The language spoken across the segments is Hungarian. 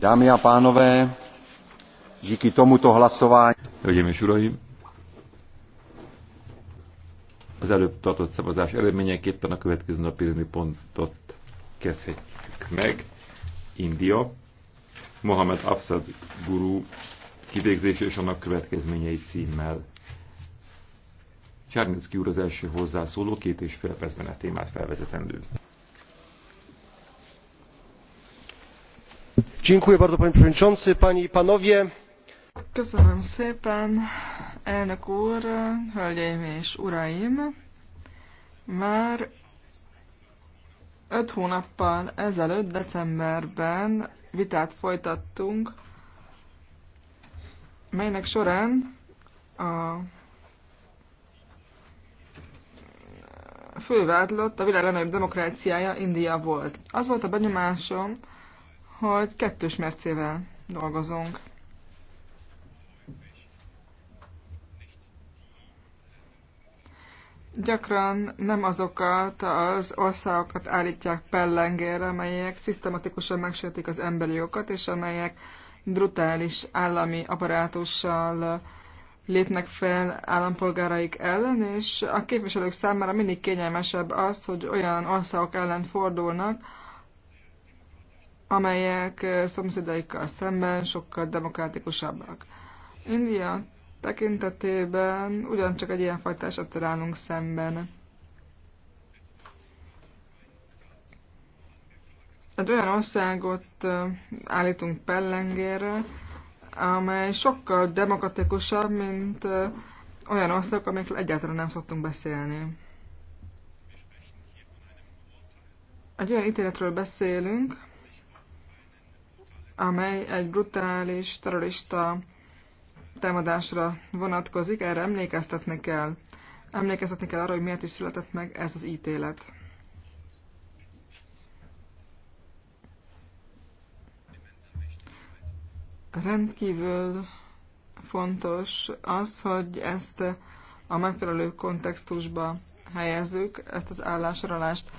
Dámy a pánové, díky tomuto hlasování... Hölgyeim és uraim, az előbb tartott szavazás eredményeképpen a következő napi pontot kezdhetjük meg. India, Mohamed Afsad guru kivégzés és annak következményei címmel. Csárnyicki úr az első hozzászóló, két és fél percben a témát felvezetendő. köszönöm szépen elnök úr hölgyeim és uraim! már öt hónappal ezelőtt decemberben vitát folytattunk melynek során a fővádlott a világ legnagyobb demokráciája India volt. Az volt a benyomásom, hogy kettős mércével dolgozunk. Gyakran nem azokat az országokat állítják pellengére, amelyek szisztematikusan megsértik az emberi jogokat, és amelyek brutális állami apparátussal lépnek fel állampolgáraik ellen, és a képviselők számára mindig kényelmesebb az, hogy olyan országok ellen fordulnak, amelyek szomszédaikkal szemben sokkal demokratikusabbak. India tekintetében ugyancsak egy ilyen fajta esetre állunk szemben. Egy olyan országot állítunk pellengére, amely sokkal demokratikusabb, mint olyan országok, amikről egyáltalán nem szoktunk beszélni. Egy olyan ítéletről beszélünk, amely egy brutális terrorista támadásra vonatkozik, erre emlékeztetni kell. Emlékeztetni kell arra, hogy miért is született meg ez az ítélet. Rendkívül fontos az, hogy ezt a megfelelő kontextusba helyezzük, ezt az állásoralást,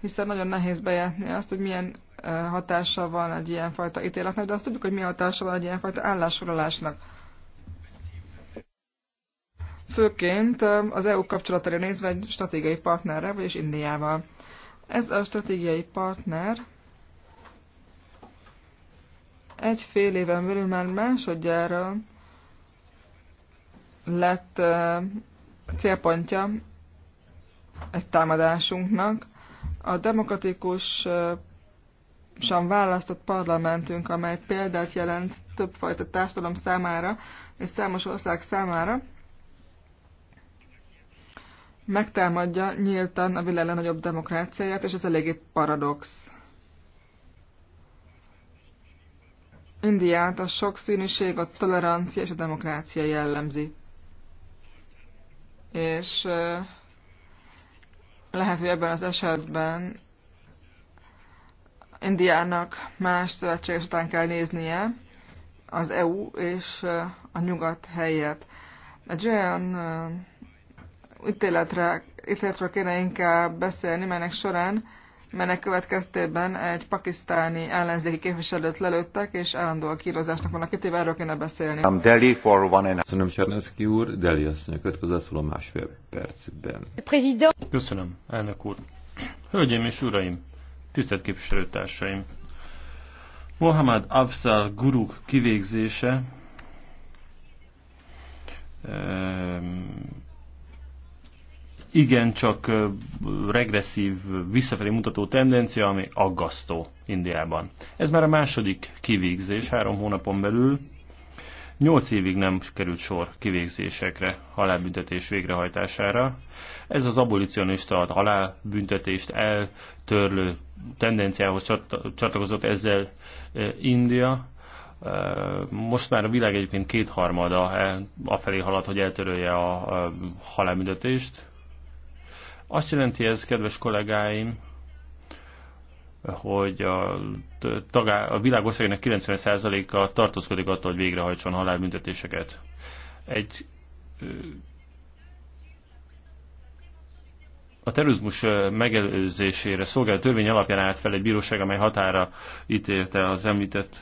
hiszen nagyon nehéz bejátni azt, hogy milyen hatása van egy ilyenfajta ítéletnek, de azt tudjuk, hogy mi hatása van egy ilyenfajta állásfoglalásnak. Főként az EU kapcsolatára nézve egy stratégiai partnerre, vagyis Indiával. Ez a stratégiai partner egy fél éven belül már másodjára lett célpontja egy támadásunknak. A demokratikus demokratikusan választott parlamentünk, amely példát jelent többfajta társadalom számára és számos ország számára, megtámadja nyíltan a világ legnagyobb demokráciáját, és ez eléggé paradox. Indiát a sokszínűség, a tolerancia és a demokrácia jellemzi. És lehet, hogy ebben az esetben Indiának más szövetséges után kell néznie az EU és a nyugat helyett. Egy olyan ítéletre, ítéletről kéne inkább beszélni, melynek során melynek következtében egy pakisztáni ellenzéki képviselőt lelőttek, és állandó a kírozásnak van itt, erről kéne beszélni. I'm Delhi for one and... Köszönöm Cserneszki úr, Delhi asszony, következőszól a másfél percben. Köszönöm, elnök úr. Hölgyeim és uraim, Tisztelt képviselőtársaim! Mohamed Afzal Guruk kivégzése ehm, igen csak regresszív, visszafelé mutató tendencia, ami aggasztó Indiában. Ez már a második kivégzés három hónapon belül, 8 évig nem került sor kivégzésekre, halálbüntetés végrehajtására. Ez az abolicionista a halálbüntetést eltörlő tendenciához csatlakozott ezzel e, India. E, most már a világ egyébként kétharmada e, afelé halad, hogy eltörölje a halálbüntetést. Azt jelenti ez, kedves kollégáim, hogy a, tagá, a világországének 90%-a tartózkodik attól, hogy végrehajtson halálbüntetéseket. Egy a terrorizmus megelőzésére szolgáló törvény alapján állt fel egy bíróság, amely határa ítélte az említett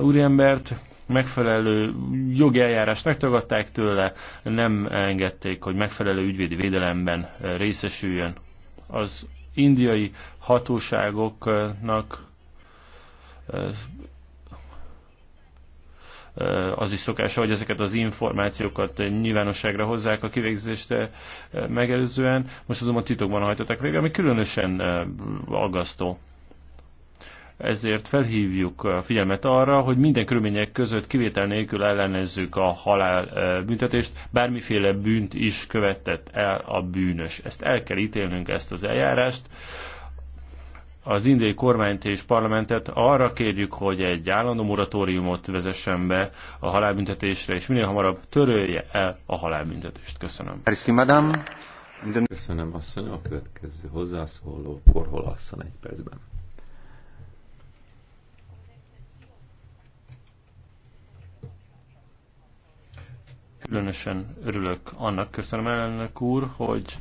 úriembert. Megfelelő jogi eljárást megtagadták tőle, nem engedték, hogy megfelelő ügyvédi védelemben részesüljön. Az indiai hatóságoknak az is szokása, hogy ezeket az információkat nyilvánosságra hozzák a kivégzést megelőzően. Most azonban titokban hajtották végre, ami különösen aggasztó ezért felhívjuk a figyelmet arra, hogy minden körülmények között kivétel nélkül ellenezzük a halál büntetést, bármiféle bűnt is követett el a bűnös. Ezt el kell ítélnünk, ezt az eljárást. Az indiai kormányt és parlamentet arra kérjük, hogy egy állandó moratóriumot vezessen be a halálbüntetésre, és minél hamarabb törölje el a halálbüntetést. Köszönöm. Köszönöm, asszony. A következő hozzászóló Korhol asszony egy percben. különösen örülök annak, köszönöm elnök úr, hogy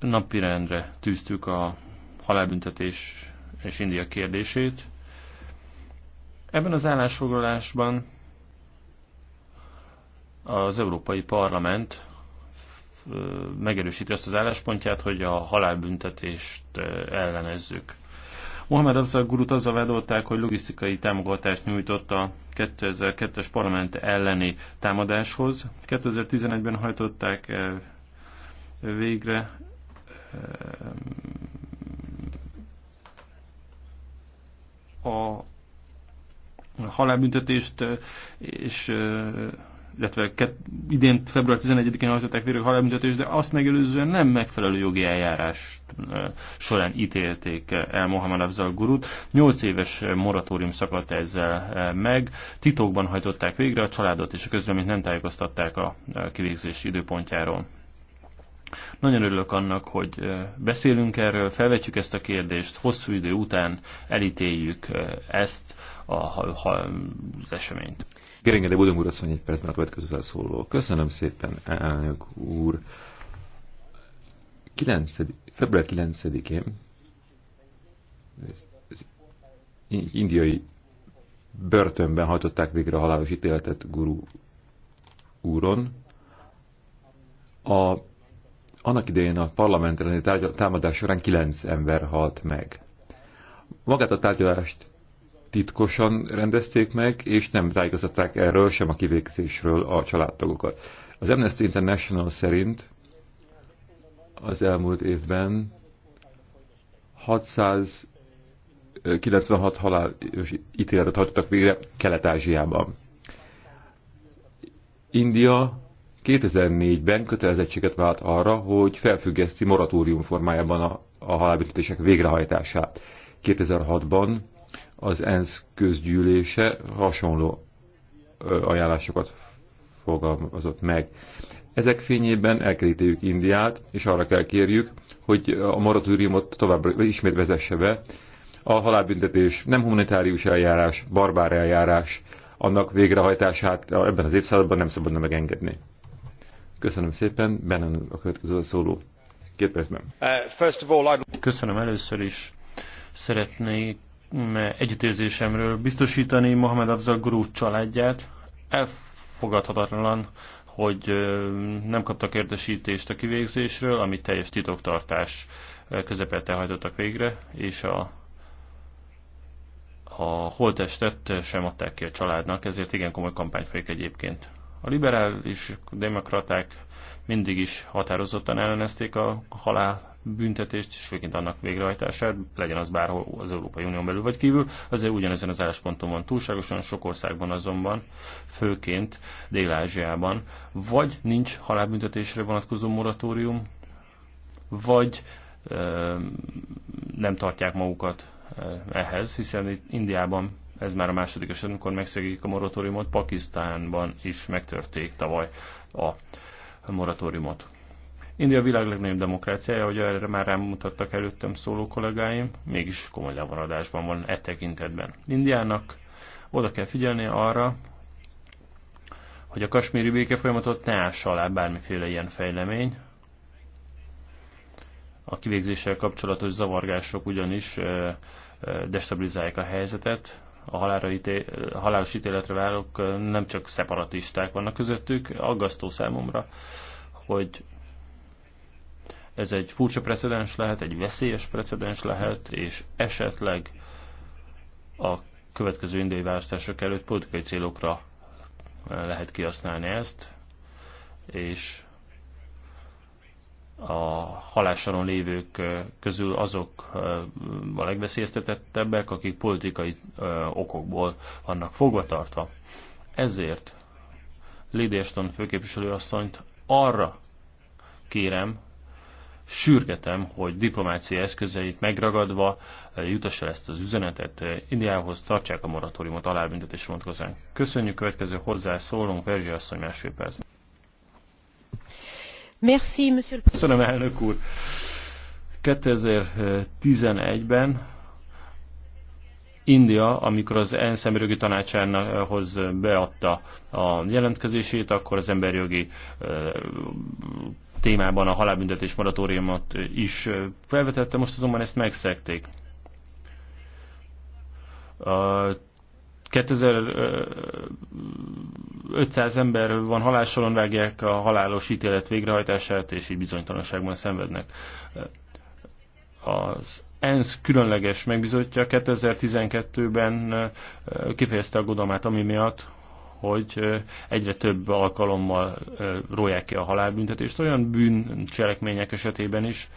napirendre tűztük a halálbüntetés és India kérdését. Ebben az állásfoglalásban az Európai Parlament megerősíti azt az álláspontját, hogy a halálbüntetést ellenezzük. Mohamed Azza Gurut azzal vádolták, hogy logisztikai támogatást nyújtott a 2002-es parlament elleni támadáshoz. 2011-ben hajtották eh, végre eh, a halálbüntetést, eh, és illetve idén február 11-én hajtották végre a halálbüntetést, de azt megelőzően nem megfelelő jogi eljárás során ítélték el Mohamed Afzal Gurut. Nyolc éves moratórium szakadt ezzel meg, titokban hajtották végre, a családot és a közleményt nem tájékoztatták a kivégzés időpontjáról. Nagyon örülök annak, hogy beszélünk erről, felvetjük ezt a kérdést, hosszú idő után elítéljük ezt a, a, az eseményt. Geringeli Budung úr, asszony, egy percben a következő felszóló. Köszönöm szépen, elnök úr. 9, február 9-én indiai börtönben hajtották végre a halálos ítéletet guru úron. A, annak idején a parlamentre elleni támadás során 9 ember halt meg. Magát a tárgyalást titkosan rendezték meg, és nem tájékoztatták erről, sem a kivégzésről a családtagokat. Az Amnesty International szerint az elmúlt évben 696 halálos ítéletet hagytak végre Kelet-Ázsiában. India 2004-ben kötelezettséget vált arra, hogy felfüggeszti moratórium formájában a, a halálbüntetések végrehajtását. 2006-ban az ENSZ közgyűlése hasonló ajánlásokat fogalmazott meg. Ezek fényében elkerítéljük Indiát, és arra kell kérjük, hogy a moratóriumot továbbra ismét vezesse be. A halálbüntetés nem humanitárius eljárás, barbár eljárás, annak végrehajtását ebben az évszázadban nem szabadna megengedni. Köszönöm szépen, Benen a következő szóló. Két percben. Uh, Köszönöm először is. Szeretnék Hm, együttérzésemről biztosítani Mohamed Afzal Gurú családját. Elfogadhatatlan, hogy nem kaptak értesítést a kivégzésről, amit teljes titoktartás közepette hajtottak végre, és a, a holtestet sem adták ki a családnak, ezért igen komoly kampány folyik egyébként. A liberális demokraták mindig is határozottan ellenezték a halál büntetést, és főként annak végrehajtását, legyen az bárhol az Európai Unión belül vagy kívül. Azért ugyanezen az állásponton van túlságosan sok országban azonban, főként Dél-Ázsiában, vagy nincs halálbüntetésre vonatkozó moratórium, vagy ö, nem tartják magukat ehhez, hiszen itt Indiában ez már a második eset, amikor megszegik a moratóriumot, Pakisztánban is megtörték tavaly a moratóriumot. India a világ legnagyobb demokráciája, ahogy erre már rámutattak előttem szóló kollégáim, mégis komoly levonadásban van e tekintetben. Indiának oda kell figyelni arra, hogy a kasmíri béke folyamatot ne ássa alá bármiféle ilyen fejlemény. A kivégzéssel kapcsolatos zavargások ugyanis destabilizálják a helyzetet, a halálra ítél, halálos ítéletre várok nem csak szeparatisták vannak közöttük, aggasztó számomra, hogy ez egy furcsa precedens lehet, egy veszélyes precedens lehet, és esetleg a következő indiai választások előtt politikai célokra eh, lehet kihasználni ezt, és a halássalon lévők eh, közül azok eh, a legveszélyeztetettebbek, akik politikai okokból vannak tartva. Ezért Lidéston főképviselőasszonyt arra kérem, sürgetem, hogy diplomáciai eszközeit megragadva eh, jutassa ezt az üzenetet eh, Indiához, tartsák a moratóriumot alábüntetés vonatkozóan. Köszönjük következő hozzászólunk. Verzsi asszony másfél perc. Merci, monsieur... Köszönöm, elnök úr. 2011-ben India, amikor az ENSZ emberjogi tanácsához eh, beadta a jelentkezését, akkor az emberjogi témában a halálbüntetés moratóriumot is felvetette, most azonban ezt megszekték. A 2500 ember van halássalon vágják a halálos ítélet végrehajtását, és így bizonytalanságban szenvednek. Az ENSZ különleges megbizotja 2012-ben kifejezte aggodalmát ami miatt, hogy egyre több alkalommal róják ki a halálbüntetést, olyan bűncselekmények esetében is,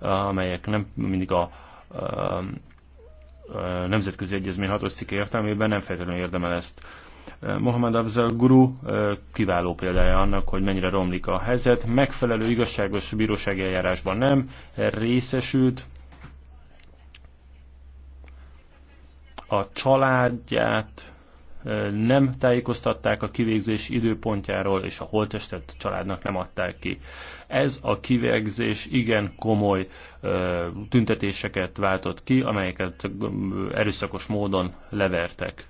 amelyek nem mindig a nemzetközi egyezmény hatos cikke értelmében nem feltétlenül érdemel ezt. Mohamed Afzal Guru kiváló példája annak, hogy mennyire romlik a helyzet. Megfelelő igazságos bírósági eljárásban nem részesült. A családját nem tájékoztatták a kivégzés időpontjáról, és a holttestet családnak nem adták ki. Ez a kivégzés igen komoly tüntetéseket váltott ki, amelyeket erőszakos módon levertek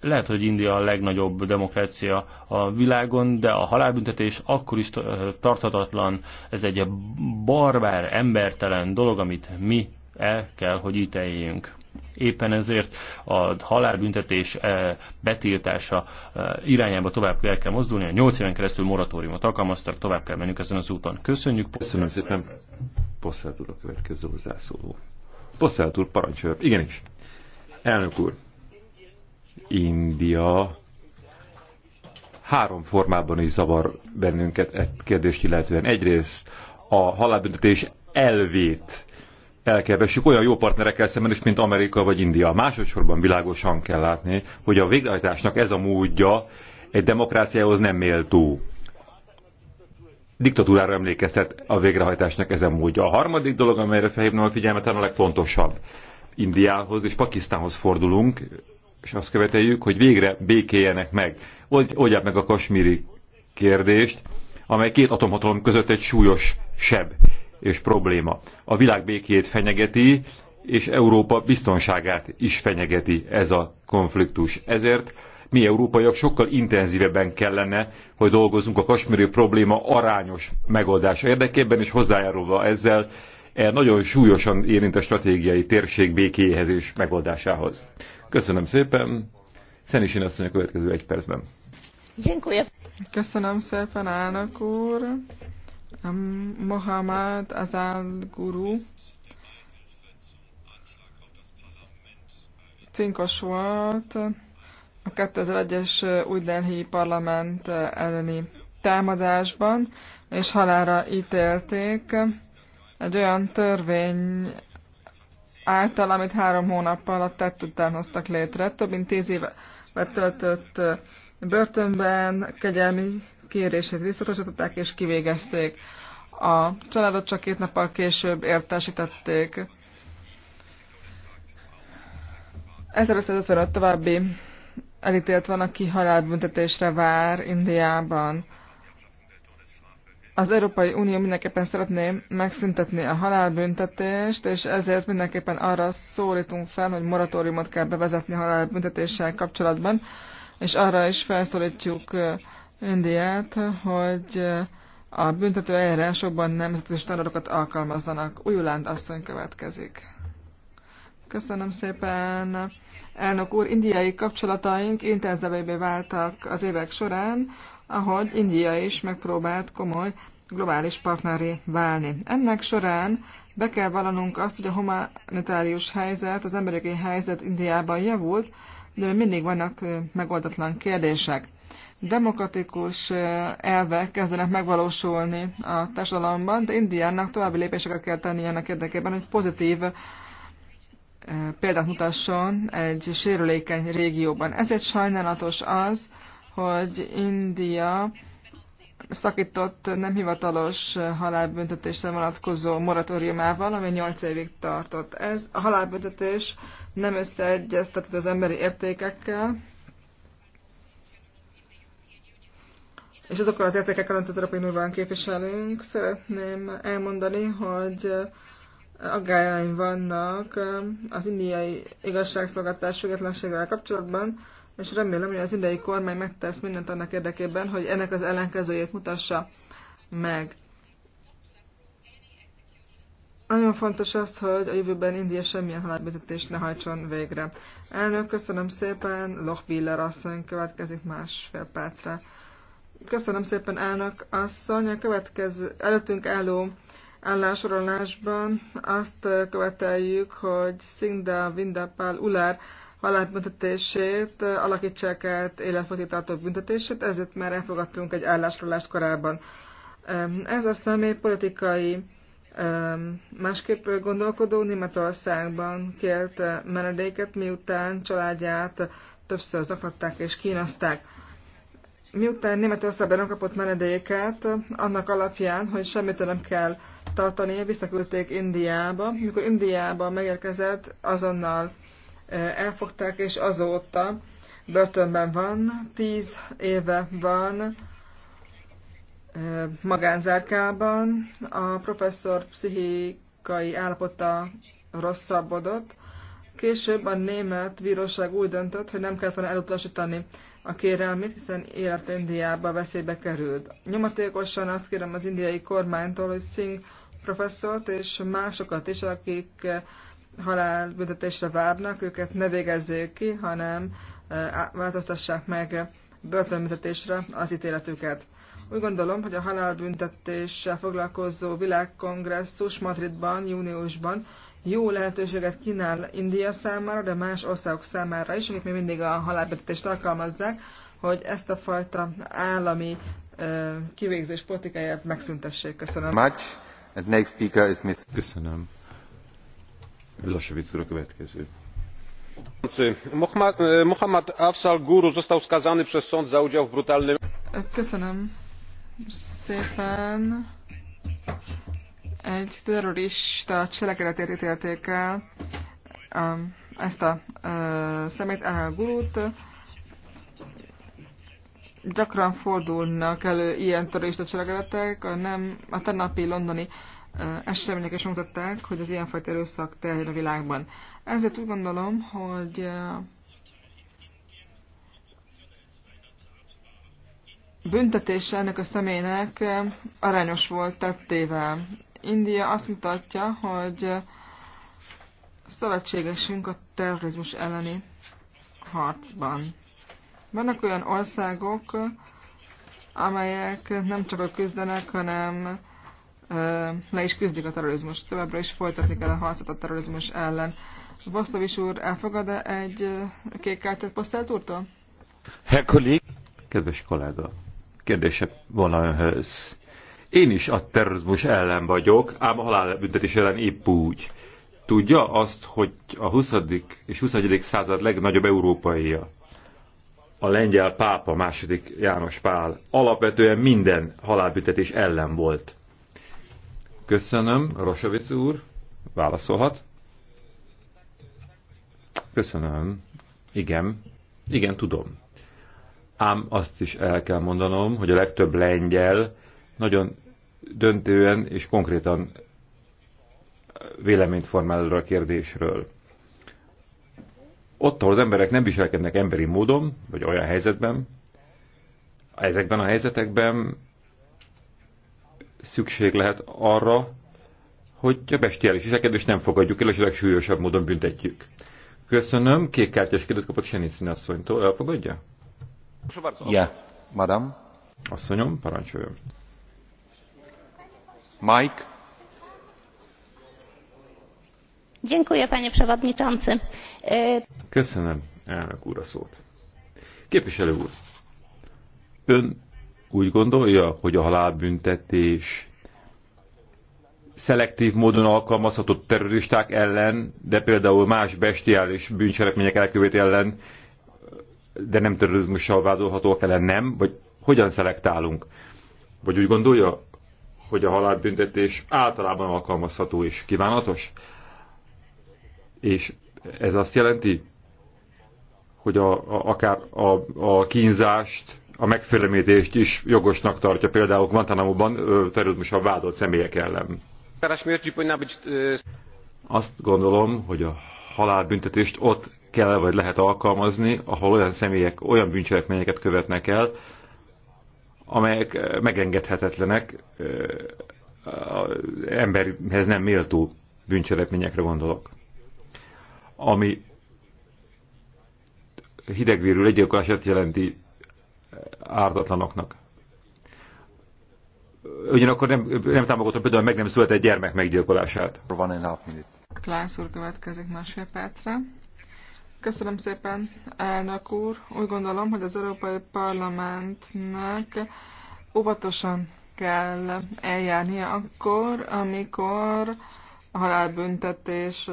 lehet, hogy India a legnagyobb demokrácia a világon, de a halálbüntetés akkor is tarthatatlan, ez egy barbár, embertelen dolog, amit mi el kell, hogy ítéljünk. Éppen ezért a halálbüntetés eh, betiltása eh, irányába tovább kell, kell mozdulni. A 8 éven keresztül moratóriumot alkalmaztak, tovább kell mennünk ezen az úton. Köszönjük. Köszönöm szépen. Posszát úr a következő hozzászóló. Posszát úr, parancsolja. Igenis. Elnök úr. India három formában is zavar bennünket e kérdést illetően. Egyrészt a halálbüntetés elvét elkevessük olyan jó partnerekkel szemben is, mint Amerika vagy India. Másodszorban világosan kell látni, hogy a végrehajtásnak ez a módja egy demokráciához nem méltó. Diktatúrára emlékeztet a végrehajtásnak ez a módja. A harmadik dolog, amelyre felhívnám a figyelmet, a legfontosabb. Indiához és Pakisztánhoz fordulunk, és azt követeljük, hogy végre békéljenek meg. Oldják meg a kasmíri kérdést, amely két atomhatalom között egy súlyos seb és probléma. A világ békét fenyegeti, és Európa biztonságát is fenyegeti ez a konfliktus. Ezért mi európaiak sokkal intenzívebben kellene, hogy dolgozzunk a kasmiri probléma arányos megoldása érdekében, és hozzájárulva ezzel el nagyon súlyosan érint a stratégiai térség békéhez és megoldásához. Köszönöm szépen. Szenisin asszony a következő egy percben. Köszönöm szépen, Ának úr. Mohammad Azal Guru cinkos volt a 2001-es új parlament elleni támadásban, és halára ítélték egy olyan törvény által, amit három hónappal a tett után hoztak létre. Több mint tíz évet töltött börtönben, kegyelmi kérését visszatosították és kivégezték. A családot csak két nappal később értesítették. 1555 további elítélt van, aki halálbüntetésre vár Indiában. Az Európai Unió mindenképpen szeretné megszüntetni a halálbüntetést, és ezért mindenképpen arra szólítunk fel, hogy moratóriumot kell bevezetni a halálbüntetéssel kapcsolatban, és arra is felszólítjuk Indiát, hogy eh, a büntető eljárásokban nemzetközi standardokat alkalmazzanak. Ujulánd asszony következik. Köszönöm szépen. Elnök úr, indiai kapcsolataink intenzívebbé váltak az évek során, ahogy India is megpróbált komoly globális partneré válni. Ennek során be kell vallanunk azt, hogy a humanitárius helyzet, az emberi helyzet Indiában javult, de még mindig vannak eh, megoldatlan kérdések demokratikus elvek kezdenek megvalósulni a társadalomban, de Indiának további lépéseket kell tenni ennek érdekében, hogy pozitív példát mutasson egy sérülékeny régióban. Ezért sajnálatos az, hogy India szakított nem hivatalos halálbüntetésre vonatkozó moratóriumával, ami 8 évig tartott. Ez a halálbüntetés nem összeegyeztetett az emberi értékekkel, és azokkal az értékekkel, amit az Európai Unióban képviselünk, szeretném elmondani, hogy aggályaim vannak az indiai igazságszolgáltatás függetlenségével kapcsolatban, és remélem, hogy az indiai kormány megtesz mindent annak érdekében, hogy ennek az ellenkezőjét mutassa meg. Nagyon fontos az, hogy a jövőben India semmilyen halálbüntetést ne hajtson végre. Elnök, köszönöm szépen, Loch Biller asszony következik másfél percre. Köszönöm szépen, elnök asszony. A következő előttünk álló állásorolásban azt követeljük, hogy Szingda Vindapál Ular halálbüntetését alakítsák át életfogytartók büntetését, ezért már elfogadtunk egy állásorolást korábban. Ez a személy politikai másképp gondolkodó Németországban kért menedéket, miután családját többször zaklatták és kínozták miután Németország nem kapott menedéket, annak alapján, hogy semmit nem kell tartani, visszaküldték Indiába. Mikor Indiába megérkezett, azonnal elfogták, és azóta börtönben van, tíz éve van magánzárkában. A professzor pszichikai állapota rosszabbodott, Később a német bíróság úgy döntött, hogy nem kellett volna elutasítani a kérelmét, hiszen élet Indiába veszélybe került. Nyomatékosan azt kérem az indiai kormánytól, hogy Singh professzort és másokat is, akik halálbüntetésre várnak, őket ne végezzék ki, hanem e, változtassák meg börtönbüntetésre az ítéletüket. Úgy gondolom, hogy a halálbüntetéssel foglalkozó világkongresszus Madridban, júniusban jó lehetőséget kínál India számára, de más országok számára is, akik még mindig a halálbetetést alkalmazzák, hogy ezt a fajta állami uh, kivégzés politikáját megszüntessék. Köszönöm. Much. And next speaker is Mr. Köszönöm. Vilosevic úr a következő. Mohamed Afsal Guru został skazany przez sąd za udział w brutalnym... Köszönöm szépen. Egy terrorista cselekedetért ítélték el um, ezt a szemét, El Gulut. Gyakran fordulnak elő ilyen terrorista cselekedetek, a, nem, a tennapi londoni események is mutatták, hogy az ilyenfajta erőszak terjed a világban. Ezért úgy gondolom, hogy büntetése ennek a személynek arányos volt tettével. India azt mutatja, hogy szövetségesünk a terrorizmus elleni harcban. Vannak olyan országok, amelyek nem csak a küzdenek, hanem le is küzdik a terrorizmus. Továbbra is folytatni kell a harcot a terrorizmus ellen. Vosztovis úr elfogad -e egy kék kártyát Posztelt úrtól? Herr Kedves kollega, kérdése van önhöz. Én is a terrorizmus ellen vagyok, ám a halálbüntetés ellen épp úgy. Tudja azt, hogy a 20. és 21. század legnagyobb európaia, a lengyel pápa, második János Pál, alapvetően minden halálbüntetés ellen volt. Köszönöm, Rosovic úr, válaszolhat. Köszönöm. Igen, igen, tudom. Ám azt is el kell mondanom, hogy a legtöbb lengyel nagyon döntően és konkrétan véleményt formál erről a kérdésről. Ott, ahol az emberek nem viselkednek emberi módon, vagy olyan helyzetben, ezekben a helyzetekben szükség lehet arra, hogy a bestiális viselkedést nem fogadjuk el, és a legsúlyosabb módon büntetjük. Köszönöm, kék kártyás kérdőt kapott Senicin asszonytól. Elfogadja? Ja, madam. Asszonyom, parancsoljon. E, úr a képviselő úr ön úgy gondolja hogy a halálbüntetés szelektív módon alkalmazható terroristák ellen, de például más bestiális bűncselekmények elkövét ellen, de nem terrorizmussal vádolhatóak ellen nem? Vagy hogyan szelektálunk? Vagy úgy gondolja, hogy a halálbüntetés általában alkalmazható és kívánatos. És ez azt jelenti, hogy a, a, akár a, a kínzást, a megfélemlítést is jogosnak tartja például Guantanamo-ban terrorizmusra vádolt személyek ellen. Azt gondolom, hogy a halálbüntetést ott kell vagy lehet alkalmazni, ahol olyan személyek olyan bűncselekményeket követnek el, amelyek megengedhetetlenek, emberhez nem méltó bűncselekményekre gondolok. Ami hidegvérű legyilkolását jelenti ártatlanoknak. Ugyanakkor nem, nem támogatom például meg nem született gyermek meggyilkolását. Van minit. Klász úr következik másfél percre. Köszönöm szépen, elnök úr. Úgy gondolom, hogy az Európai Parlamentnek óvatosan kell eljárnia akkor, amikor a halálbüntetés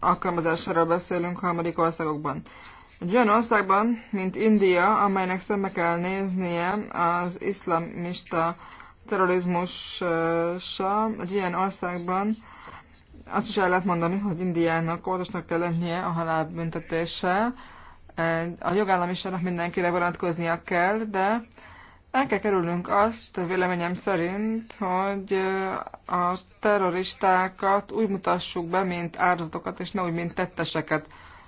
alkalmazásáról beszélünk harmadik országokban. Egy olyan országban, mint India, amelynek szembe kell néznie az iszlamista terrorizmussal, egy ilyen országban azt is el lehet mondani, hogy Indiának orvosnak kell lennie a halálbüntetéssel. A jogállamiságnak mindenkire vonatkoznia kell, de el kell kerülnünk azt, véleményem szerint, hogy a terroristákat úgy mutassuk be, mint áldozatokat, és ne úgy, mint tetteseket.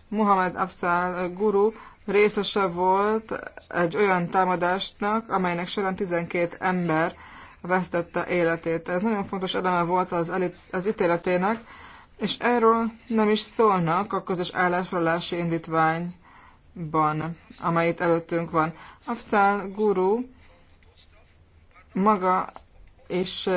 Muhammad Afsal guru részese volt egy olyan támadásnak, amelynek során 12 ember vesztette életét. Ez nagyon fontos eleme volt az, az ítéletének, és erről nem is szólnak a közös állásfoglalási indítványban, amely itt előttünk van. Abszál guru maga és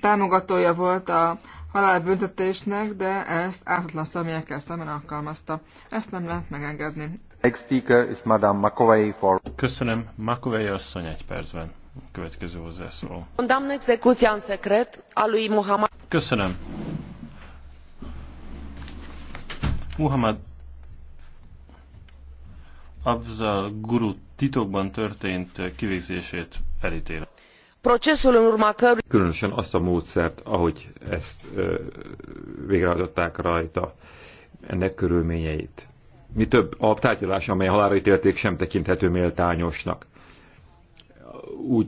támogatója volt a halálbüntetésnek, de ezt ártatlan személyekkel szemben alkalmazta. Ezt nem lehet megengedni. Next speaker is Madame McAvey for... Köszönöm, McAvey asszony egy percben. Condamn execuția în secret a lui Muhammad. Köszönöm. Muhammad Afzal Guru titokban történt kivégzését elítél. Procesul în urma căruia... Különösen azt a módszert, ahogy ezt ö, végrehajtották rajta, ennek körülményeit. Mi több, a tárgyalás, amely halára ítélték, sem tekinthető méltányosnak úgy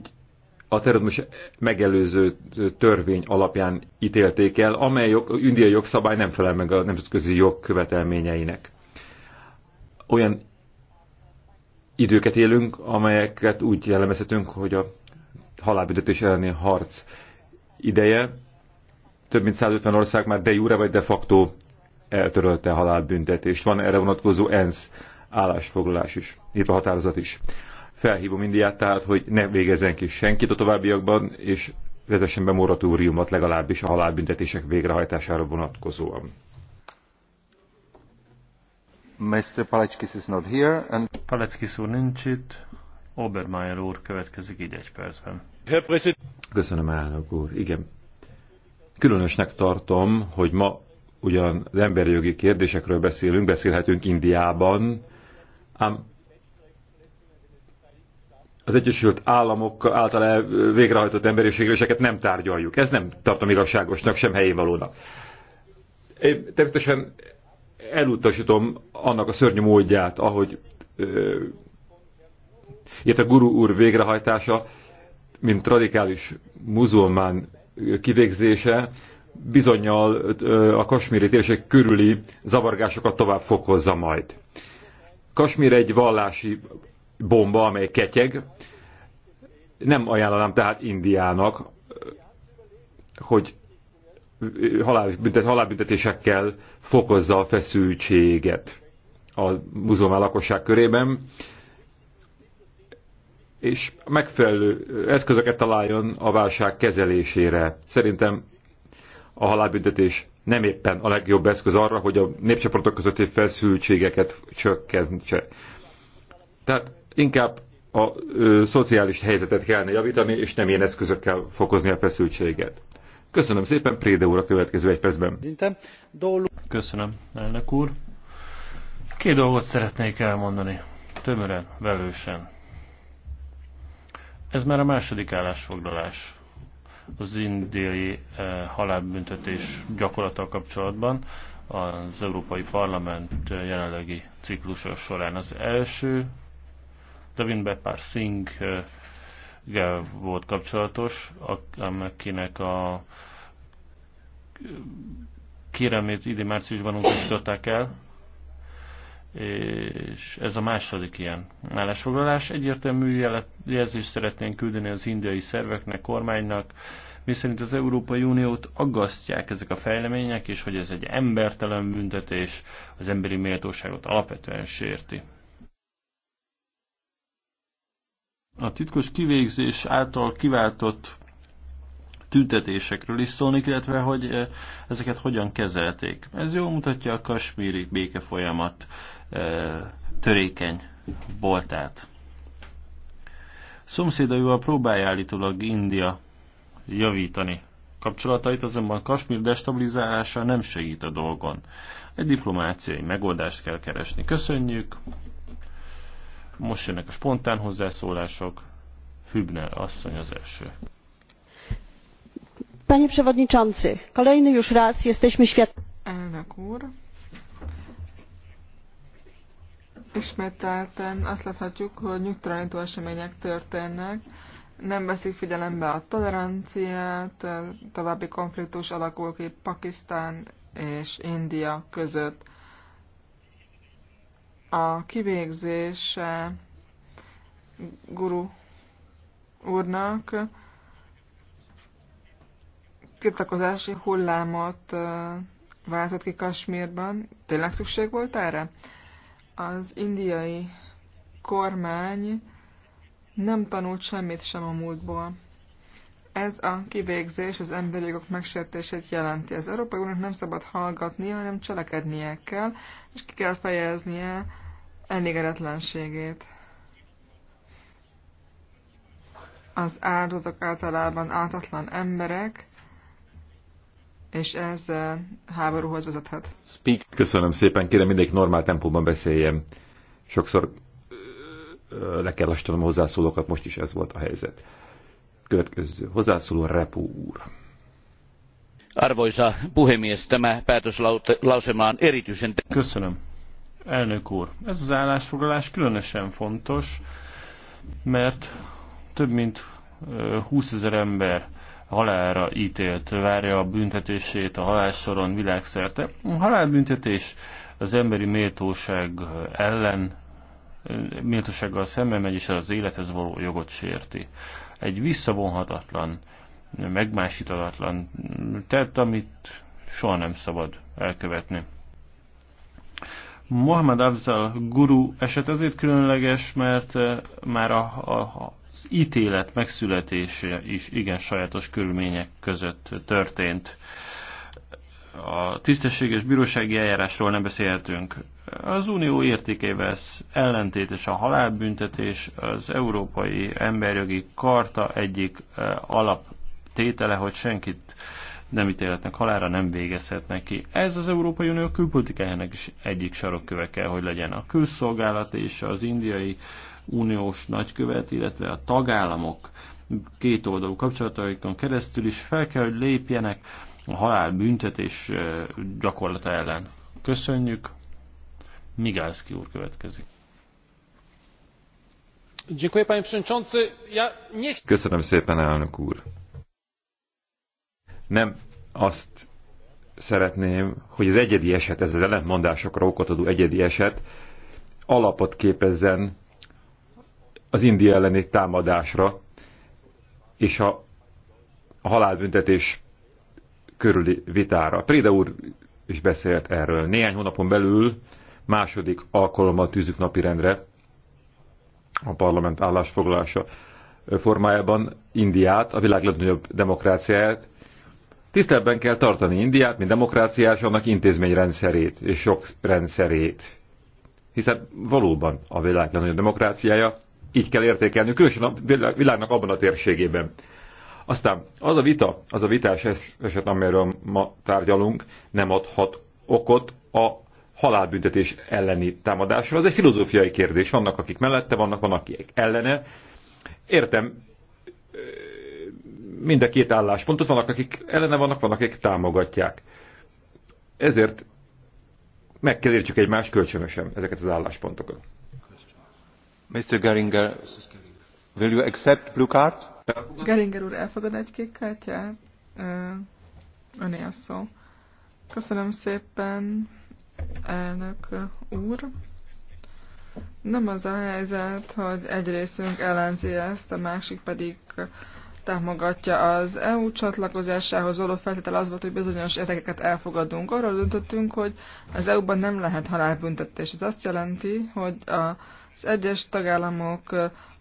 a terrorizmus megelőző törvény alapján ítélték el, amely jog, indiai jogszabály nem felel meg a nemzetközi jog követelményeinek. Olyan időket élünk, amelyeket úgy jellemezhetünk, hogy a halálbüntetés elleni harc ideje. Több mint 150 ország már de jure vagy de facto eltörölte a halálbüntetést. Van erre vonatkozó ENSZ állásfoglalás is, a határozat is. Felhívom Indiát tehát, hogy ne végezzen ki senkit a továbbiakban, és vezessen be moratóriumot legalábbis a halálbüntetések végrehajtására vonatkozóan. Mr. Paleckis is not here. And... Paleckis úr nincs itt. Obermeyer úr következik így egy percben. Köszönöm, elnök úr. Igen. Különösnek tartom, hogy ma ugyan emberi jogi kérdésekről beszélünk, beszélhetünk Indiában, ám az Egyesült Államok által végrehajtott emberiségéseket nem tárgyaljuk. Ez nem tartom igazságosnak, sem helyén valónak. Én természetesen elutasítom annak a szörnyű módját, ahogy a guru úr végrehajtása, mint radikális muzulmán kivégzése, bizonyal a kasmíri térség körüli zavargásokat tovább fokozza majd. Kasmír egy vallási bomba, amely ketyeg. Nem ajánlanám tehát Indiának, hogy halálbüntetésekkel fokozza a feszültséget a muzulmán lakosság körében, és megfelelő eszközöket találjon a válság kezelésére. Szerintem a halálbüntetés nem éppen a legjobb eszköz arra, hogy a népcsoportok közötti feszültségeket csökkentse. Tehát Inkább a ö, szociális helyzetet kellene javítani, és nem ilyen eszközökkel fokozni a feszültséget. Köszönöm szépen, Préde úr a következő egy percben. Köszönöm, elnök úr. Két dolgot szeretnék elmondani, tömören, velősen. Ez már a második állásfoglalás az indiai eh, halálbüntetés gyakorlata kapcsolatban az Európai Parlament eh, jelenlegi ciklusa során. Az első Devin Bepar Singh volt kapcsolatos, akinek a kéremét idén márciusban utasították el, és ez a második ilyen állásfoglalás. Egyértelmű jelzést szeretnénk küldeni az indiai szerveknek, kormánynak, miszerint az Európai Uniót aggasztják ezek a fejlemények, és hogy ez egy embertelen büntetés az emberi méltóságot alapvetően sérti. A titkos kivégzés által kiváltott tüntetésekről is szólni, illetve hogy eh, ezeket hogyan kezelték. Ez jól mutatja a kasmíri béke folyamat eh, törékeny voltát. Szomszédaival próbálja állítólag India javítani kapcsolatait, azonban Kasmír destabilizálása nem segít a dolgon. Egy diplomáciai megoldást kell keresni. Köszönjük! Most jönnek a spontán hozzászólások. Hübner asszony az első. Panie Przewodniczący, kolejny już raz jesteśmy świat... Elnök úr, ismételten azt láthatjuk, hogy nyugtalanító események történnek, nem veszik figyelembe a toleranciát, a további konfliktus alakul ki Pakisztán és India között a kivégzés guru úrnak tiltakozási hullámot váltott ki Kasmírban. Tényleg szükség volt erre? Az indiai kormány nem tanult semmit sem a múltból. Ez a kivégzés az emberi jogok megsértését jelenti. Az Európai Uniónak nem szabad hallgatnia, hanem cselekednie kell, és ki kell fejeznie elégedetlenségét. Az áldozatok általában áltatlan emberek, és ez eh, háborúhoz vezethet. Speak. Köszönöm szépen, kérem mindig normál tempóban beszéljem. Sokszor eh, le kell lassítanom a hozzászólókat, most is ez volt a helyzet. Következő hozzászóló Repu úr. Arvoisa puhemies, tämä päätöslauselma on erityisen... Köszönöm, Elnök úr, ez az állásfoglalás különösen fontos, mert több mint 20 ezer ember halálra ítélt, várja a büntetését a halálsoron világszerte. A halálbüntetés az emberi méltóság ellen, méltósággal szemben megy, és az élethez való jogot sérti. Egy visszavonhatatlan, megmásítatlan tett, amit soha nem szabad elkövetni. Mohamed Afzal guru eset azért különleges, mert eh, már a, a, az ítélet megszületése is igen sajátos körülmények között történt. A tisztességes bírósági eljárásról nem beszélhetünk. Az unió értékével ellentétes a halálbüntetés, az Európai Emberjogi Karta egyik eh, alaptétele, hogy senkit nem ítéletnek halára nem végezhetnek ki. Ez az Európai Unió külpolitikájának is egyik sarokköve kell, hogy legyen a külszolgálat és az indiai uniós nagykövet, illetve a tagállamok két oldalú kapcsolataikon keresztül is fel kell, hogy lépjenek a halál büntetés gyakorlata ellen. Köszönjük. Migalski úr következik. Köszönöm szépen, elnök úr. Nem azt szeretném, hogy az egyedi eset, ez az ellentmondásokra okot adó egyedi eset alapot képezzen az India elleni támadásra és a, a halálbüntetés körüli vitára. Préda úr is beszélt erről. Néhány hónapon belül második alkalommal tűzük napirendre a parlament állásfoglalása formájában Indiát, a világ legnagyobb demokráciáját Tiszteletben kell tartani Indiát, mint demokráciás, annak intézményrendszerét és sok rendszerét. Hiszen valóban a világ legnagyobb demokráciája, így kell értékelni, különösen a világnak abban a térségében. Aztán az a vita, az a vitás eset, amiről ma tárgyalunk, nem adhat okot a halálbüntetés elleni támadásra. Ez egy filozófiai kérdés. Vannak, akik mellette, vannak, vannak, akik ellene. Értem mind a két álláspontot. Vannak, akik ellene vannak, vannak, akik támogatják. Ezért meg kell értsük egymást kölcsönösen ezeket az álláspontokat. Mr. Geringer, will you accept blue card? Geringer úr, elfogad egy kék kártyát? Öné a szó. Köszönöm szépen, elnök úr. Nem az a helyzet, hogy egy részünk ellenzi ezt, a másik pedig támogatja az EU csatlakozásához való feltétel az volt, hogy bizonyos érdekeket elfogadunk. Arról döntöttünk, hogy az EU-ban nem lehet halálbüntetés. Ez azt jelenti, hogy az egyes tagállamok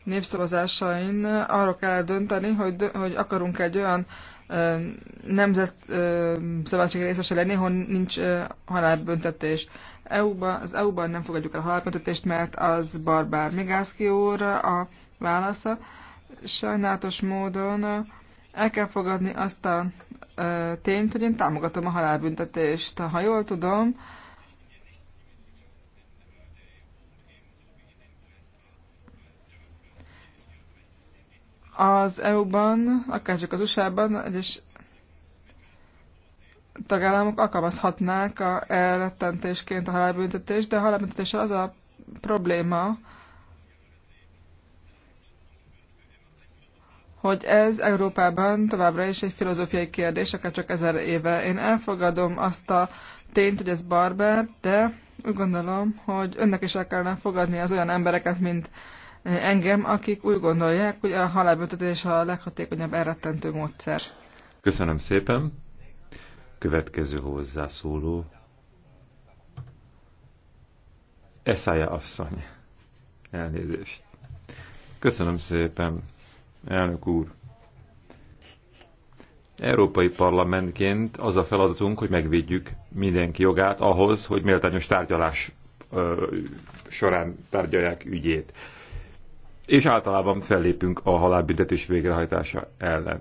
népszavazásain arról kell dönteni, hogy, hogy akarunk egy olyan nemzet szövetség részese lenni, ahol nincs halálbüntetés. EU-ba, az EU-ban nem fogadjuk el a halálbüntetést, mert az barbár. Migászki úr a válasza sajnálatos módon el kell fogadni azt a tényt, hogy én támogatom a halálbüntetést. Ha jól tudom, az EU-ban, akárcsak az USA-ban, egyes tagállamok alkalmazhatnák a elrettentésként a halálbüntetést, de a halálbüntetéssel az a probléma, hogy ez Európában továbbra is egy filozófiai kérdés, akár csak ezer éve. Én elfogadom azt a tényt, hogy ez barber, de úgy gondolom, hogy önnek is el kellene fogadni az olyan embereket, mint engem, akik úgy gondolják, hogy a halálbüntetés a leghatékonyabb elrettentő módszer. Köszönöm szépen. Következő hozzászóló. Eszája asszony. Elnézést. Köszönöm szépen. Elnök úr! Európai Parlamentként az a feladatunk, hogy megvédjük mindenki jogát ahhoz, hogy méltányos tárgyalás ö, során tárgyalják ügyét. És általában fellépünk a halálbüntetés végrehajtása ellen.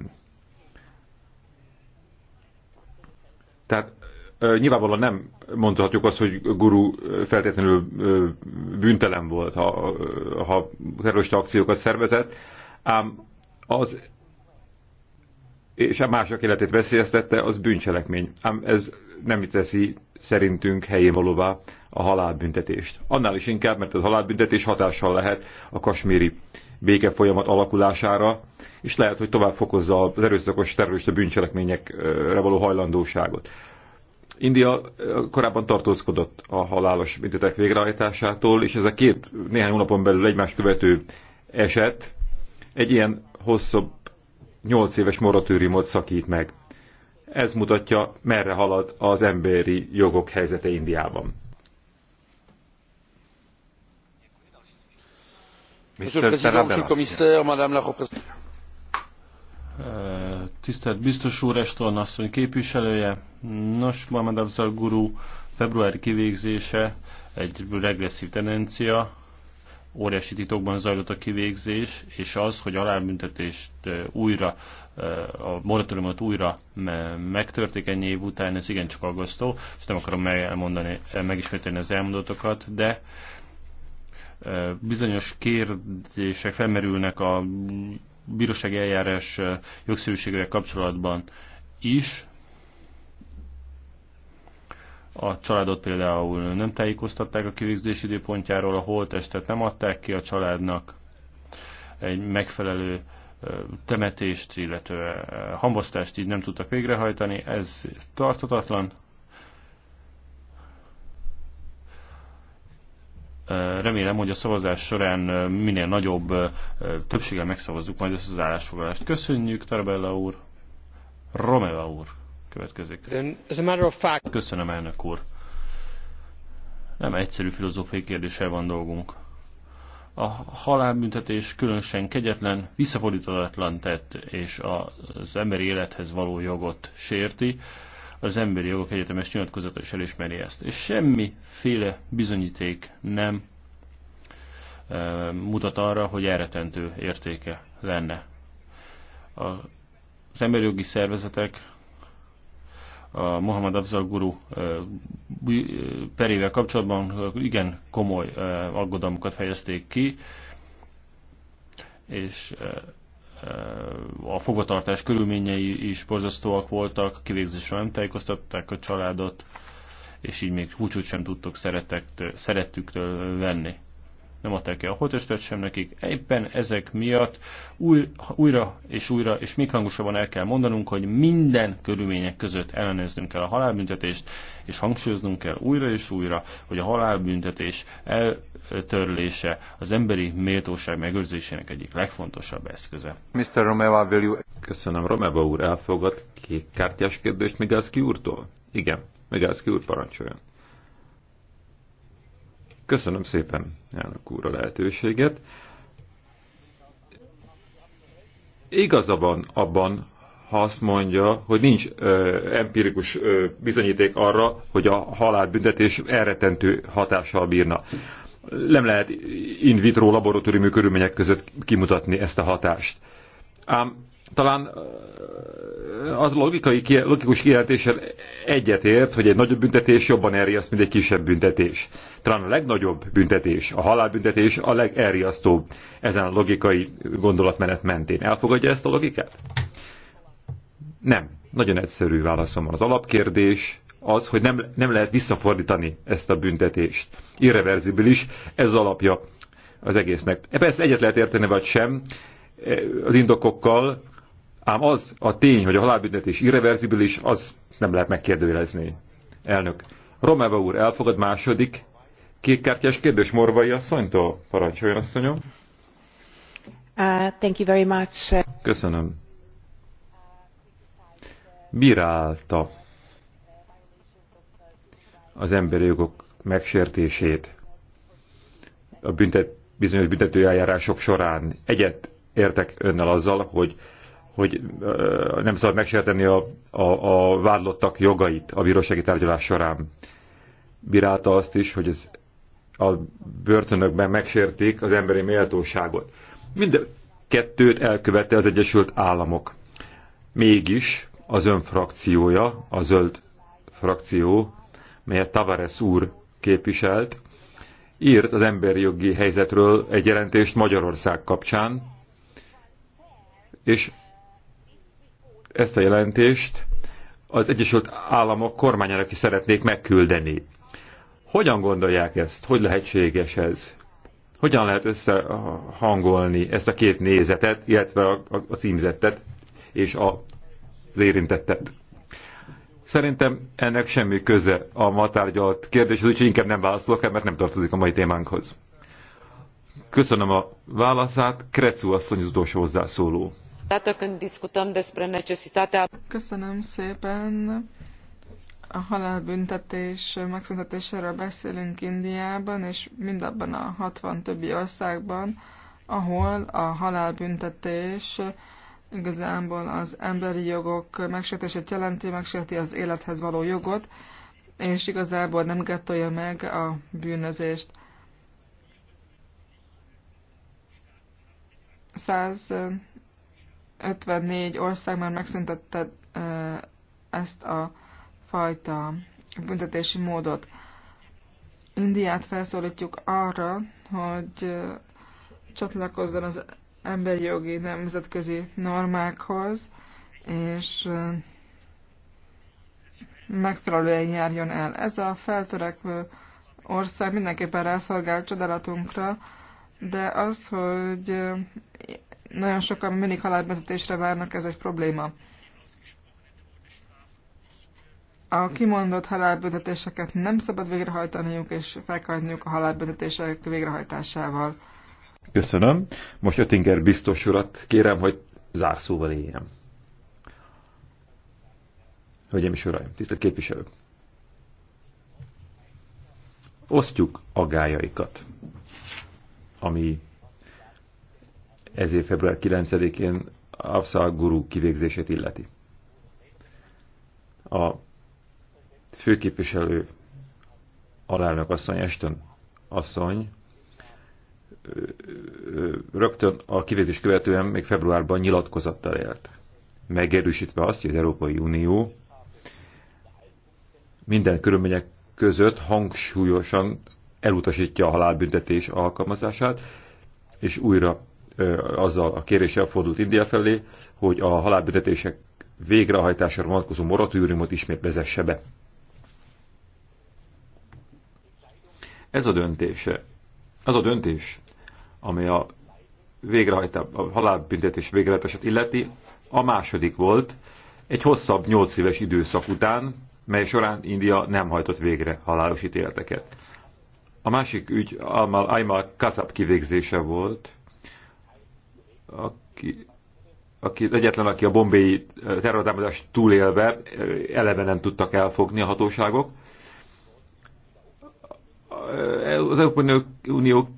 Tehát ö, nyilvánvalóan nem mondhatjuk azt, hogy guru feltétlenül ö, bűntelen volt, ha, ha terrorista akciókat szervezett, ám az és a mások életét veszélyeztette, az bűncselekmény. Ám ez nem teszi szerintünk helyén valóvá a halálbüntetést. Annál is inkább, mert a halálbüntetés hatással lehet a kasméri békefolyamat alakulására, és lehet, hogy tovább fokozza az erőszakos terrorista bűncselekményekre való hajlandóságot. India korábban tartózkodott a halálos büntetek végrehajtásától, és ez a két néhány hónapon belül egymást követő eset egy ilyen hosszabb 8 éves moratóriumot szakít meg. Ez mutatja, merre halad az emberi jogok helyzete Indiában. Eh, tisztelt biztos úr, Eston asszony képviselője. Nos, Mohamed Abzal guru februári kivégzése egy regresszív tendencia, óriási titokban zajlott a kivégzés, és az, hogy halálbüntetést újra, a moratóriumot újra megtörték ennyi év után, ez igencsak aggasztó, és nem akarom elmondani, megismételni az elmondatokat, de bizonyos kérdések felmerülnek a bírósági eljárás jogszerűségével kapcsolatban is, a családot például nem tájékoztatták a kivégzés időpontjáról, a holtestet nem adták ki a családnak, egy megfelelő temetést, illetve hambasztást így nem tudtak végrehajtani, ez tartatatlan. Remélem, hogy a szavazás során minél nagyobb többséggel megszavazzuk majd ezt az állásfoglalást. Köszönjük, Tarbella úr! Romeva úr! következik. Köszönöm, elnök úr. Nem egyszerű filozófiai kérdéssel van dolgunk. A halálbüntetés különösen kegyetlen, visszafordítatlan tett és az emberi élethez való jogot sérti. Az Emberi Jogok Egyetemes nyilatkozata is elismeri ezt. És semmiféle bizonyíték nem e, mutat arra, hogy elretentő értéke lenne. A az emberi jogi szervezetek a Mohamed Afzal guru perével kapcsolatban igen komoly aggodalmukat fejezték ki, és a fogvatartás körülményei is borzasztóak voltak, kivégzésre nem tájékoztatták a családot, és így még húcsút sem tudtok szeretektől, szerettüktől venni nem adták el a holtestet sem nekik. Éppen ezek miatt új, újra és újra és még hangosabban el kell mondanunk, hogy minden körülmények között elleneznünk kell a halálbüntetést, és hangsúlyoznunk kell újra és újra, hogy a halálbüntetés eltörlése az emberi méltóság megőrzésének egyik legfontosabb eszköze. Mr. Romeva, will you... Köszönöm, Romeva úr elfogad kék kártyás kérdést Migalski úrtól? Igen, Migalski úr parancsoljon. Köszönöm szépen, elnök úr, a lehetőséget. Igaza van abban, ha azt mondja, hogy nincs ö, empirikus ö, bizonyíték arra, hogy a halálbüntetés elretentő hatással bírna. Nem lehet in vitro laboratóriumi körülmények között kimutatni ezt a hatást. Ám talán az logikai, logikus kijelentéssel egyetért, hogy egy nagyobb büntetés jobban elriaszt, mint egy kisebb büntetés. Talán a legnagyobb büntetés, a halálbüntetés a legelriasztóbb ezen a logikai gondolatmenet mentén. Elfogadja ezt a logikát? Nem. Nagyon egyszerű válaszom van. Az alapkérdés az, hogy nem, nem lehet visszafordítani ezt a büntetést. Irreverzibilis, ez alapja az egésznek. persze egyet lehet érteni, vagy sem, az indokokkal, Ám az a tény, hogy a halálbüntetés irreverzibilis, az nem lehet megkérdőjelezni. Elnök. Romeva úr, elfogad második kékkártyás kérdés Morvai asszonytól? Parancsoljon, asszonyom. Uh, thank you very much. Köszönöm. Bírálta az emberi jogok megsértését a büntet, bizonyos büntetőeljárások során. Egyet értek önnel azzal, hogy hogy nem szabad megsérteni a, a, a vádlottak jogait a bírósági tárgyalás során. Bírálta azt is, hogy ez a börtönökben megsértik az emberi méltóságot. Mind kettőt elkövette az Egyesült Államok. Mégis az ön frakciója, a zöld frakció, melyet Tavares úr képviselt, írt az emberi jogi helyzetről egy jelentést Magyarország kapcsán, és ezt a jelentést az Egyesült Államok kormányának is szeretnék megküldeni. Hogyan gondolják ezt? Hogy lehetséges ez? Hogyan lehet összehangolni ezt a két nézetet, illetve a, a, a címzettet és a, az érintettet? Szerintem ennek semmi köze a ma tárgyalt kérdéshez, úgyhogy inkább nem válaszolok el, mert nem tartozik a mai témánkhoz. Köszönöm a válaszát, Krecu asszony az utolsó hozzászóló dată când discutăm despre necesitatea... Köszönöm szépen! A halálbüntetés megszüntetéséről beszélünk Indiában, és mindabban a 60 többi országban, ahol a halálbüntetés igazából az emberi jogok megsértését jelenti, megsérti az élethez való jogot, és igazából nem gátolja meg a bűnözést. 100 54 ország már megszüntette ezt a fajta büntetési módot. Indiát felszólítjuk arra, hogy csatlakozzon az emberi jogi nemzetközi normákhoz, és megfelelően járjon el. Ez a feltörekvő ország mindenképpen rászolgál csodálatunkra, de az, hogy nagyon sokan mindig halálbüntetésre várnak, ez egy probléma. A kimondott halálbüntetéseket nem szabad végrehajtaniuk, és felkajtniuk a halálbüntetések végrehajtásával. Köszönöm. Most Ötinger biztos urat kérem, hogy zárszóval éljem. Hölgyeim és Uraim, tisztelt képviselők! Osztjuk agájaikat, ami ez év február 9-én Afsa gurú kivégzését illeti. A főképviselő alelnök asszony, Eston asszony, rögtön a kivégzés követően még februárban nyilatkozattal élt. Megerősítve azt, hogy az Európai Unió minden körülmények között hangsúlyosan elutasítja a halálbüntetés alkalmazását, és újra azzal a kéréssel fordult India felé, hogy a halálbüntetések végrehajtására vonatkozó moratóriumot ismét vezesse be. Ez a döntése, az a döntés, amely a, végrehajtá, a halálbüntetés végrehajtását illeti, a második volt, egy hosszabb nyolc éves időszak után, mely során India nem hajtott végre halálos ítéleteket. A másik ügy Aymar Kazab kivégzése volt, aki, aki egyetlen, aki a bombéi eh, terrortámadást túlélve eh, eleve nem tudtak elfogni a hatóságok. Eh, az Európai Unió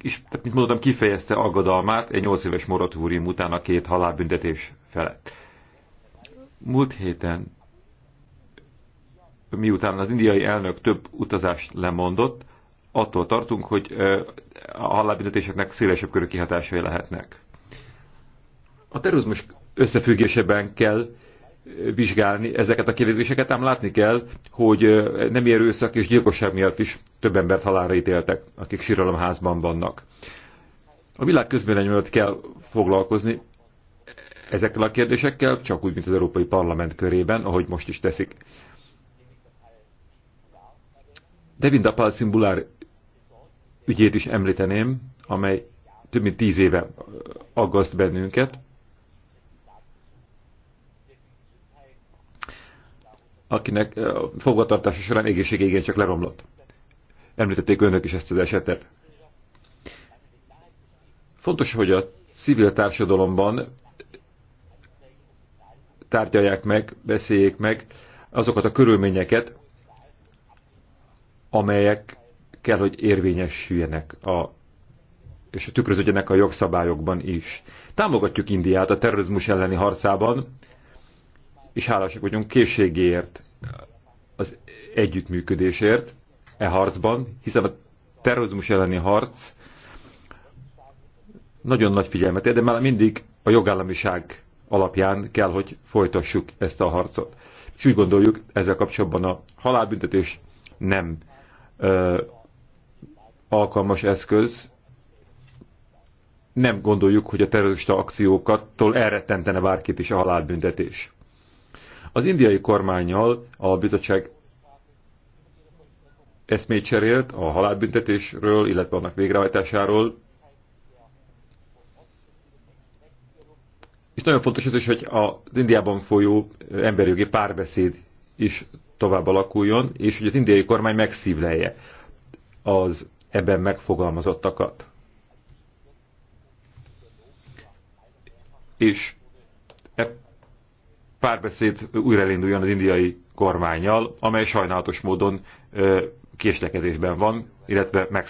is, tehát, mint mondtam, kifejezte aggodalmát egy 8 éves moratórium után a két halálbüntetés felett. Múlt héten, miután az indiai elnök több utazást lemondott, attól tartunk, hogy a halálbüntetéseknek szélesebb körű kihatásai lehetnek. A terrorizmus összefüggésében kell vizsgálni ezeket a kérdéseket, ám látni kell, hogy nem erőszak és gyilkosság miatt is több embert halálra ítéltek, akik síralamházban vannak. A világ közvélemény miatt kell foglalkozni ezekkel a kérdésekkel, csak úgy, mint az Európai Parlament körében, ahogy most is teszik. Dapal simbular ügyét is említeném, amely több mint tíz éve aggaszt bennünket. akinek eh, fogvatartása során egészsége igen csak leromlott. Említették önök is ezt az esetet. Fontos, hogy a civil társadalomban tárgyalják meg, beszéljék meg azokat a körülményeket, amelyek kell, hogy érvényesüljenek a, és tükröződjenek a jogszabályokban is. Támogatjuk Indiát a terrorizmus elleni harcában, és hálásak vagyunk készségéért, az együttműködésért e harcban, hiszen a terrorizmus elleni harc nagyon nagy figyelmet ér, de már mindig a jogállamiság alapján kell, hogy folytassuk ezt a harcot. És úgy gondoljuk, ezzel kapcsolatban a halálbüntetés nem ö, alkalmas eszköz. Nem gondoljuk, hogy a terrorista akciókattól elrettentene bárkit is a halálbüntetés. Az indiai kormányjal a bizottság eszmét cserélt a halálbüntetésről, illetve annak végrehajtásáról. És nagyon fontos az is, hogy az Indiában folyó emberjogi párbeszéd is tovább alakuljon, és hogy az indiai kormány megszívlelje az ebben megfogalmazottakat. És e párbeszéd újra elinduljon az indiai kormányjal, amely sajnálatos módon késlekedésben van, illetve megszállás.